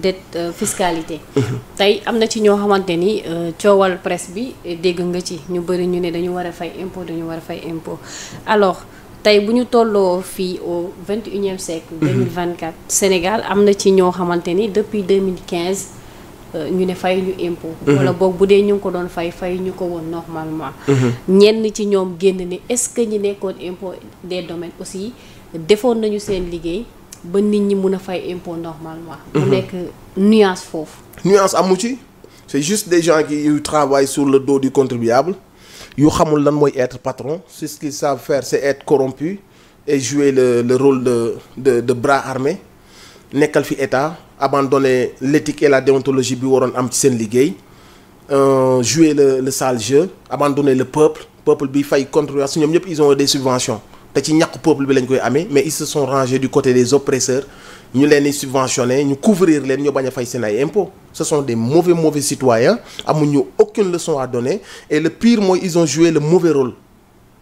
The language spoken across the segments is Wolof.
dette euh, fiscalité. tey am na ci ñoo xamante ni euh, coowal presse bi dégg nga ci ñu bëri ñu ne dañu war a fay impôt dañu war a fay impôt alors tey bu ñu tolloo fii au vingt et unième siècle. deux Sénégal am na ci ñoo xamante ni depuis deux mille quinze euh, ñu ne fay ñu impôt. wala boog bu dee ñu ngi ko doon fay fay ñu ko woon normalement. ñenn ci ñoom génn ni est-ce que ñi nekkoon impo des domaines aussi defoon nañu seen liggéey. ba nit ñi mun a fay impôt normalement. mu mhm. nekk nuance foofu. nuance amu ci c' juste des gens qui yu travaillent sur le dos du contribuable yu xamul lan mooy être patron c'est ce qu'ils savent faire c' est être corrompu et jouer le le rôle de de de bras armé nekkal fi état abandonner l'éthique et la déontologie bi waroon am ci seen liggéey euh, jouer le le sale jeu abandonner le peuple le peuple bi fay contribuable ñoom ñëpp ils ont des subvention te ci ñàkk peuple bi lañ koy amee mais ils se sont rangés du côté des oppresseurs ñu leen di subventionné ñu couvrir leen ñu bañ a fay seen ay impôts ce sont des mauvais mauvais citoyens amuñu aucune leçon à donner et le pire mooy ils ont joué le mauvais rôle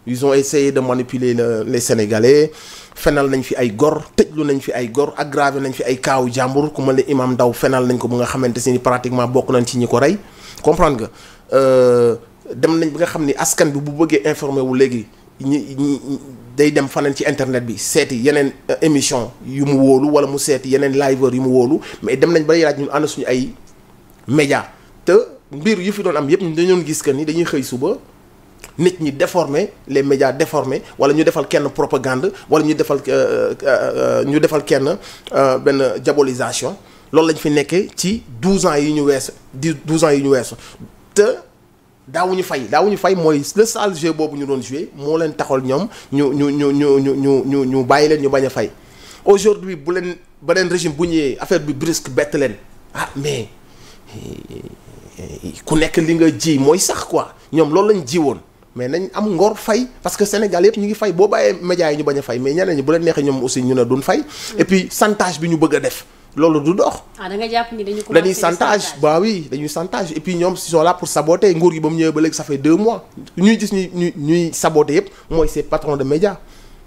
ils ont essayé de manipuler le, les sénégalais fenal nañ fi ay gor tëjlu nañ fi ay gor aggravé nañ fi ay kaawu jàmbur ku mel ne imam Ndaw fenal nañ ko ba nga xamante si ni pratiquement bokk nañ ci ñi ko rey comprendre nga euh, dem nañ bi nga xam ni askan bi bu bëggee informé wu léegi ñi day dem faneen ci internet bi seeti yeneen euh, émission yu mu wóolu wala mu seeti yeneen liveur yu mu wóolu mais dem nañ ba laaj ñun ànd suñu ay média te mbir yu fi doon am yëpp ñu dañoon gis que ni dañuy xëy suba nit ñi déformé les médias déformé wala ñu defal kenn propagande wala ñu defal euh, euh, ñu defal kenn benn diabolisation loolu lañ fi nekkee ci 12 ans yi ñu weesu di 12 ans yi ñu weesu daawuñu fay daawuñu fay mooy le sale jeu boobu ñu doon joué moo leen taxool ñoom ñu ñu ñu ñu ñu ñu ñu ñu bàyyi leen ñu bañ a fay aujourd'hui bu leen beneen régime bu ñëwee affaire bi brusque bett leen ah mais eh, ku nekk li nga ji mooy sax quoi ñoom loolu lañ ji woon mais nañ am ngor fay parce que Sénégal yëpp ñu ngi fay boo bàyyee médias yi ñu bañ a fay mais ñeneen ñi bu leen neexee ñoom aussi ñu ne dun fay et puis chantage bi ñu bëgg a def loolu du dox. ah nga jàpp ni dañu dañuy chantage bah oui dañuy chantage et ñoom ils sont pour saboter nguur gi ba mu ñëwee ba léegi ça fait deux mois ñuy gis ñuy ñuy ñuy yëpp mooy ces patrons de média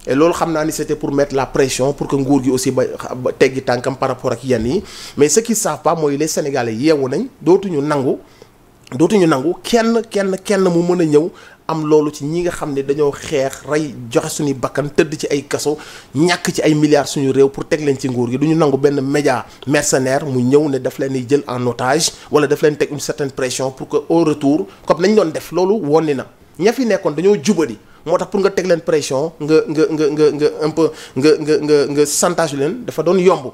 loolu xam naa ni c'était pour mettre la pression pour que nguur gi aussi ba teggi tànkam par rapport ak yenn yi mais ce qu'ils savent pas mooy les sénégalais yeewu nañ dootuñu nangu dootuñu nangu kenn kenn kenn mu mën a ñëw am loolu ci ñi nga xam ne dañoo xeex rey joxe suñuy bakkan tëdd ci ay kaso ñàkk ci ay milliards suñu réew pour teg leen ci nguur gi du ñu nangu benn média mercenaire mu ñëw ne daf leen di jël en otage wala daf leen teg une certaine pression pour que au retour comme nañ doon def loolu wonni na ña fi nekkoon dañoo jubali moo tax pour nga teg leen pression nga nga nga nga nga un nga nga nga nga chantage leen dafa doon yomb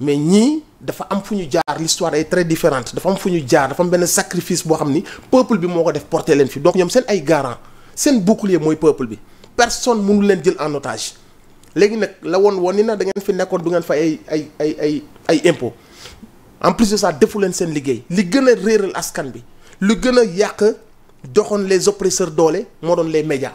mais ñii dafa am fu ñu jaar l'histoire est très différente dafa am fu ñu jaar dafa am benn sacrifice boo xam ni peuple bi moo ko def porter leen fi donc ñoom seen ay garant seen bouclier mooy peuple bi personne mënu leen jël en otage léegi nag la woon woon ni na da ngeen fi nekkoon du ngeen fa ay ay ay ay ay en plus de ça defu leen seen liggéey li gën a réeral askan bi lu gën a yàq doxoon les oppresseurs doole moo doon lay médias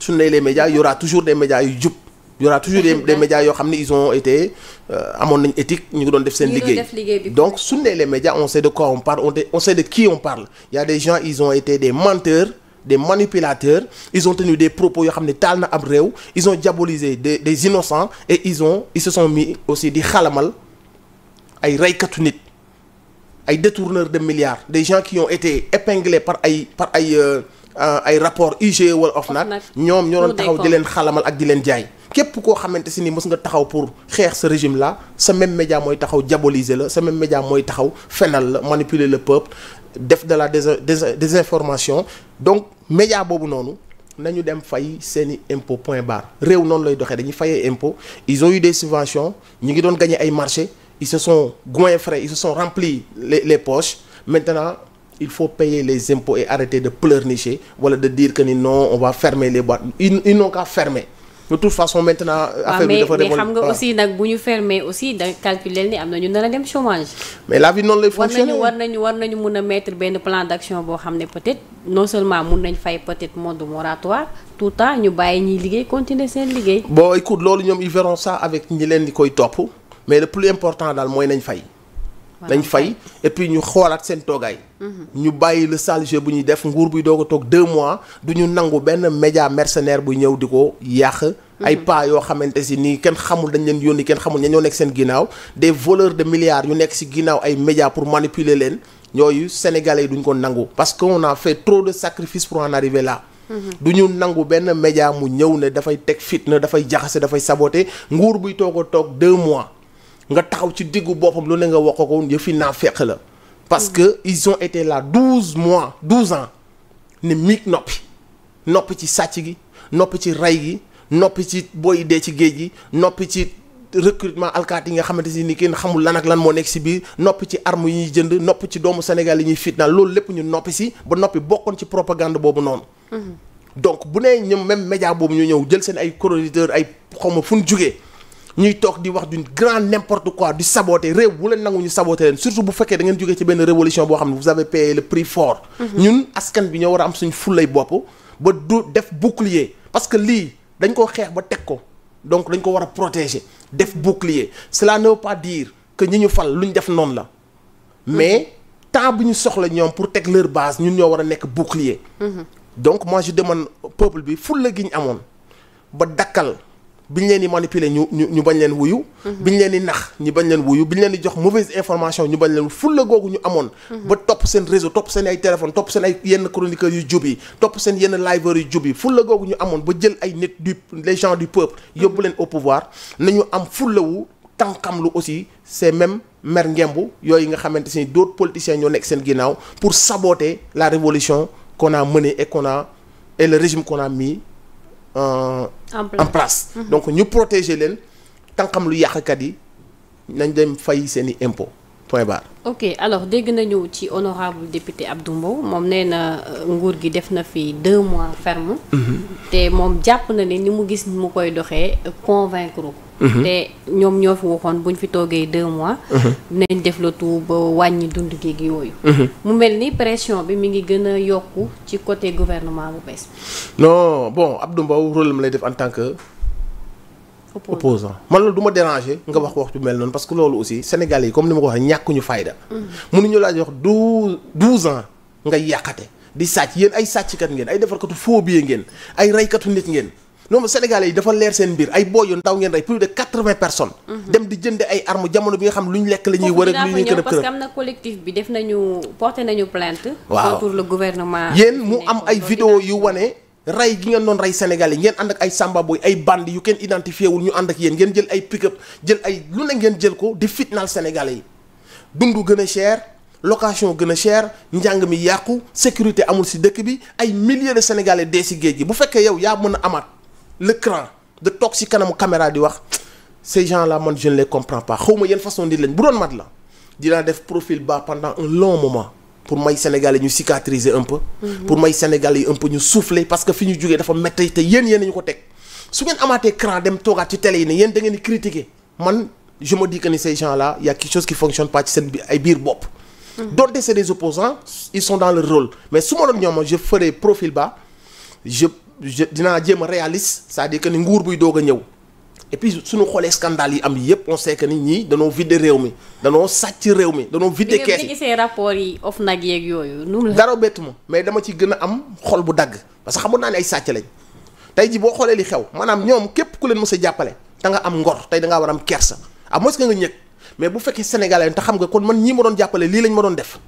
suñ ne les médias y toujours des médias yu jub y aura toujours des des yoo xam ne ils ont été euh, amoon nañ éthique ñu ngi doon def seen liggéey donc suñ nee les on sait de quoi on parle on on sait de qui on parle il y a des gens ils ont été des menteurs des manipulateurs ils ont tenu des propos yoo xam ne taal na ab réew ils ont diabolisé des des innocents et ils ont ils se sont aussi di xalamal ay reykatu nit ay détourneurs de milliards des gens qui ont été épinglés par ay par ay euh, Euh, ay rapport ug IGE wala OFNAC ñoom ñoo doon taxaw di leen xalamal ak di leen jaay képp koo xamante si ni mës nga taxaw pour xeex sa régime la sa même média mooy taxaw diaboliser la sa même média mooy taxaw fenal la manipuler le peuple def de la désinformation donc média boobu noonu nañu dem fay seeni impôt point barre réew noonu lay doxee dañuy fayee impôt ils ont eu des subventions ñu ngi doon gagné ay marché ils se sont goinfrés ils se sont remplis les poche poches maintenant il faut payer les impôts et arrêter de pleurnicher wala de dire que ni non on va fermer les boîtes ils, ils n'ont qu'à fermer de toute façon maintenant. Ah, affaire bi dafa xam nga aussi nag bu ñu fermer aussi da calculer ni am na ñu nar a dem chômage. mais la vie noonu lay fonctionner war na ñu mun a mettre benn plan d'action boo xam ne peut-être non seulement mun nañ fay peut-être mode moratoire tout temps ñu bàyyi ñuy liggéey continuer seen liggéey. bon écoute loolu ñoom ils verront ça leen di koy topp mais le plus important daal mooy nañ fay. nañ fay et puis ñu xoolaat seen toogaay. Mhm. ñu bàyyi le sale bu ñuy def nguur bi doog a toog deux mois du ñu nangu benn média mercenaire buy ñëw di ko yàq. Mhm. ay pas yoo xamante si nii kenn xamul dañ leen yónni kenn xamul ña ñoo nekk seen ginnaaw des voleurs de milliards ñu nekk si ginnaaw ay médias pour manipuler leen yooyu sénégalais yi duñ ko nangu parce que on a fait trop de sacrifices pour en arriver là. Mhm. du ñu nangu benn média mu ñëw ne dafay teg fitna dafay jaxase dafay saboter nguur buy toog a toog deux mois. nga taxaw ci diggu boppam lu ne nga wax ko yëfi naa fekk la parce que ils ont été la douze mois douze ans ne miig noppi noppi ci sàcc gi noppi ci rey gi noppi ci booy dee ci géej gi noppi ci recrutement alkaati yi nga xamante si ni kenn xamul lan ak lan moo nekk si biir noppi ci arme yi ñuy jënd noppi ci doomu Sénégal yi ñuy fitnaal loolu lépp ñu noppi si ba noppi bokkoon ci propagande boobu noonu mhm. donc bu nee ñoom même média boobu ñu ñëw jël seen ay chroniqueurs ay xawma fu ñu jugee ñuy toog di wax d'une grand n'importe quoi di saboter réew bu leen nangu ñu saboter leen surtout bu fekkee da ngeen jógee ci benn révolution boo xam ne vous avez payé le prix fort mhm. ñun askan bi ñoo war a am suñ fullay bopp ba du def bouclier parce que lii dañ koo xeex ba teg ko donc dañ ko war a protéger def bouclier la ne veut pas dire que ñi ñu fal lu ñu def noonu la mhm. mais temps bu ñu soxla ñoom pour teg leur base ñun ñoo war a nekk bouclier mhm. donc moi je demande peuple bi fulla gi ñu amoon ba dakkal biñ leen di manipuler ñu ñu ñu bañ leen wuyu. Mhm. biñ leen di nax ñi bañ leen wuyu ñu leen di jox mauvaise information ñu bañ leen fulla googu ñu amoon. Mhm. ba topp seen réseau topp seen ay téléphone topp seen ay yenn chroniqueurs yu jub yi topp seen yenn liveurs yu jub yi fulla googu ñu amoon ba jël ay nit du les gens du peuple. yóbbu leen au pouvoir ñu am fulla wu tànkam lu aussi c'est même mer ngembu yooyu nga xamante si d'autres politiciens ñoo nekk seen ginnaaw pour saboter la révolution qu'on a menée et qu'on le régime qu'on a en euh, en place mhm. donc ñu protéger leen tànqam lu yàqkat yi nañ dem fay seen i impôt point barre ok alors dégg nañu ci honorable député Abdou Mbow moom nee na euh, nguur gi def na fi deux mois ferme mhm. te moom jàpp na ne ni mu gis mu koy doxee convaincre Mm-hmm. te ñoom ñoo fi waxoon buñ fi toogee deux mois. dinañ mm-hmm. def le tout ba wàññi dund gi yooyu. Mm-hmm. mu mel ni pression bi mi ngi gën a yokku ci côté gouvernement bu bees. non bon Abdou Mbow rôle lay def en tant que. opposant man loolu du ma déranger nga wax wax ju mel noonu parce que loolu aussi Sénégalais yi comme ni ma ko waxee ñàkkuñu fayda. mënuñu laa jox douze douze ans nga yàqate di sàcc yéen ay sàcckat ngeen ay defarkatu faux billets ngeen ay reykatu nit ngeen. non Sénégalais yi dafa leer seen mbir ay booy yu ndaw ngeen rey plus de quatre-vingts personnes. Mhm. dem di jënd ay armes jamono bi nga xam lu ñu lekk la ñuy wër ak lu ñuy kërëb kërëb parce que am na collectif bi def nañu porté nañu plainte. waaw contre mu am ay vidéo yu wane. rey gi ngeen doon rey Sénégalais ngeen ànd ak ay Samba ay bandi yu kenn identifié wul ñu ànd ak yéen ngeen jël ay pick-up jël ay lu ne ngeen jël ko di fitnaal Sénégalais yi dund gën a cher. location gën a cher njàng mi yàqu sécurité amul si dëkk bi ay milliers de sénégalais dee gi bu fekkee yow yaa mën a amaat le cran de toog si kanamu caméra di wax ces gens là man je ne les comprends pas xaw ma yan façon di leen bu doon mat la dinaa def profil bas pendant un long moment pour may Sénégalais ñu cicatriser un peu. Mhm. pour may Sénégalais yi un peu ñu souffler parce que fi ñu jógee dafa métti te yéen yéen ñu ko teg su ngeen amaatee cran dem toogaat ci télé yi ne yéen da ngeen di critiquer man je me dis ni ces gens là y a chose qui fonctionne pas ci seen ay biir bopp. Mhm. donte c'est des opposants ils sont mais su ma doon ñoom je je dinaa jéem a réaliste cest à que ni nguur buy doog a ñëw et puis suñu xoolee scandale yi am yëpp on sait que ñii ñi danoo vidé réew mi danoo sàcc réew mi danoo vidé kees nag yeeg yooyu nu dara bett ma mais dama ci gën a am xol bu dagg parce que xamoon naa ne ay sàcc lañ tey ji boo xoolee li xew maanaam ñoom képp ku leen mës a jàppale da nga am ngor tey da ngaa war am kersa à ah, moins nga ñëg mais bu fekkee sénégalais te xam nga kon man ñii ma doon jàppale lii lañ ma doon def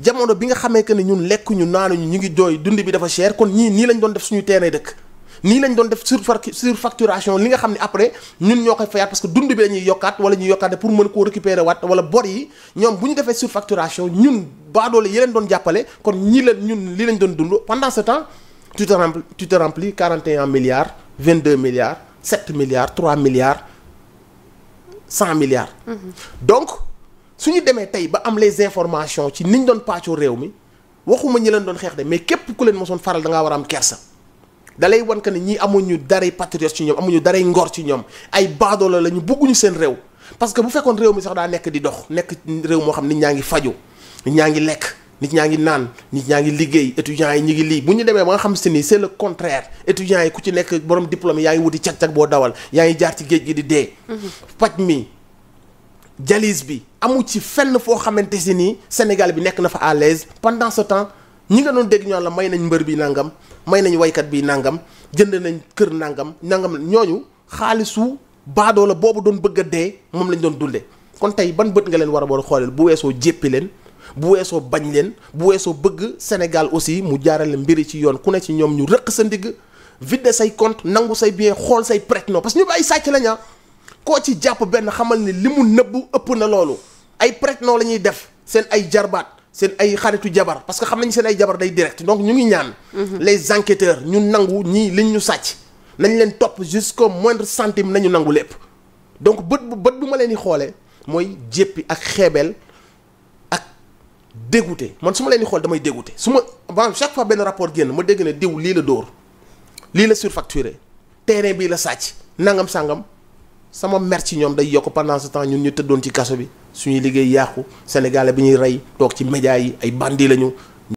jamono bi nga xamee que ne ñun lekkuñu naanuñu ñu ngi jooy dund bi dafa cher kon ñii nii lañ doon def suñu terrain dëkk nii lañ doon def surfacturation li nga xam ne après ñun ñoo koy fayaat parce que dund bi la ñuy yokkaat wala ñuy yokkaat pour mën koo récupérer waat wala bor yi ñoom bu ñu defee surfacturation ñun baadoole yi leen doon jàppale kon ñii leen ñun li lañ doon dund pendant ce temps tu te remplis tu te remplis 41 milliards 22 milliards 7 milliards 3 milliards 100 su ñu demee tey ba am les informations ci ñu doon pàccoo réew mi waxuma ñi leen doon xeex de mais képp ku leen mosoon faral da ngaa war a am kersa dalay wan que ne ñii amuñu daray patriote ci ñoom amuñu daray ngor ci ñoom ay baadoola la ñu bëgguñu seen réew parce que bu fekkoon réew mi sax daa nekk di dox nekk réew moo xam nit ñaa ngi faju nit ñaa ngi lekk nit ñaa ngi naan nit ñaa ngi liggéey étudiants yi ñu ngi lii bu ñu demee ba nga xam si ni c'est le contraire étudiants ku ci nekk borom diplôme yaa ngi wuti cag-cag boo dawal yaa ngi jaar ci géej gi di dee mhm. paj mi jalis bi amu ci fenn foo xamante si nii Sénégal bi nekk na fa à l'aise pendant sa temps ñi nga doon dégg ñoo la may nañ mbër bi nangam may nañ waykat bi nangam jënd nañ kër nangam nangam ñooñu xaalisu baadoo la boobu doon bëgg a dee moom lañ doon dundee kon tey ban bët nga leen war a war a xooleel bu weesoo jéppi leen bu weesoo bañ leen bu weesoo bëgg Sénégal aussi mu jaarale mbiri ci yoon ku ne ci ñoom ñu rëq sa ndigg vidde say compte nangu say bien xool say prête non parce que ñu koo ci jàpp benn xamal ni li mu nëbbu ëpp na loolu ay prête noo la ñuy def seen ay jarbaat seen ay xaritu jabar parce que xam nañ seen ay jabar day direct donc ñu ngi ñaan. Mhm. les enquêteurs ñu nangu ñii liñ ñu sàcc nañ leen topp jusqu'au moindre centime nañu nangu lépp donc bët bu bët bu ma leen di xoolee mooy jéppi ak xeebeel ak dégoûté man su ma leen di xool damay dégoûté su ma maanaam chaque fois benn rapport génn ma dégg ne diw lii la dóor lii la surfacturé terrain bii la sàcc nangam sangam. sama mer ci ñoom day yokk pendant ce temps ñun ñu tëddoon ci kaso bi suñuy liggéey yàqu sénégalais bi ñuy rey toog ci média yi ay bandi lañu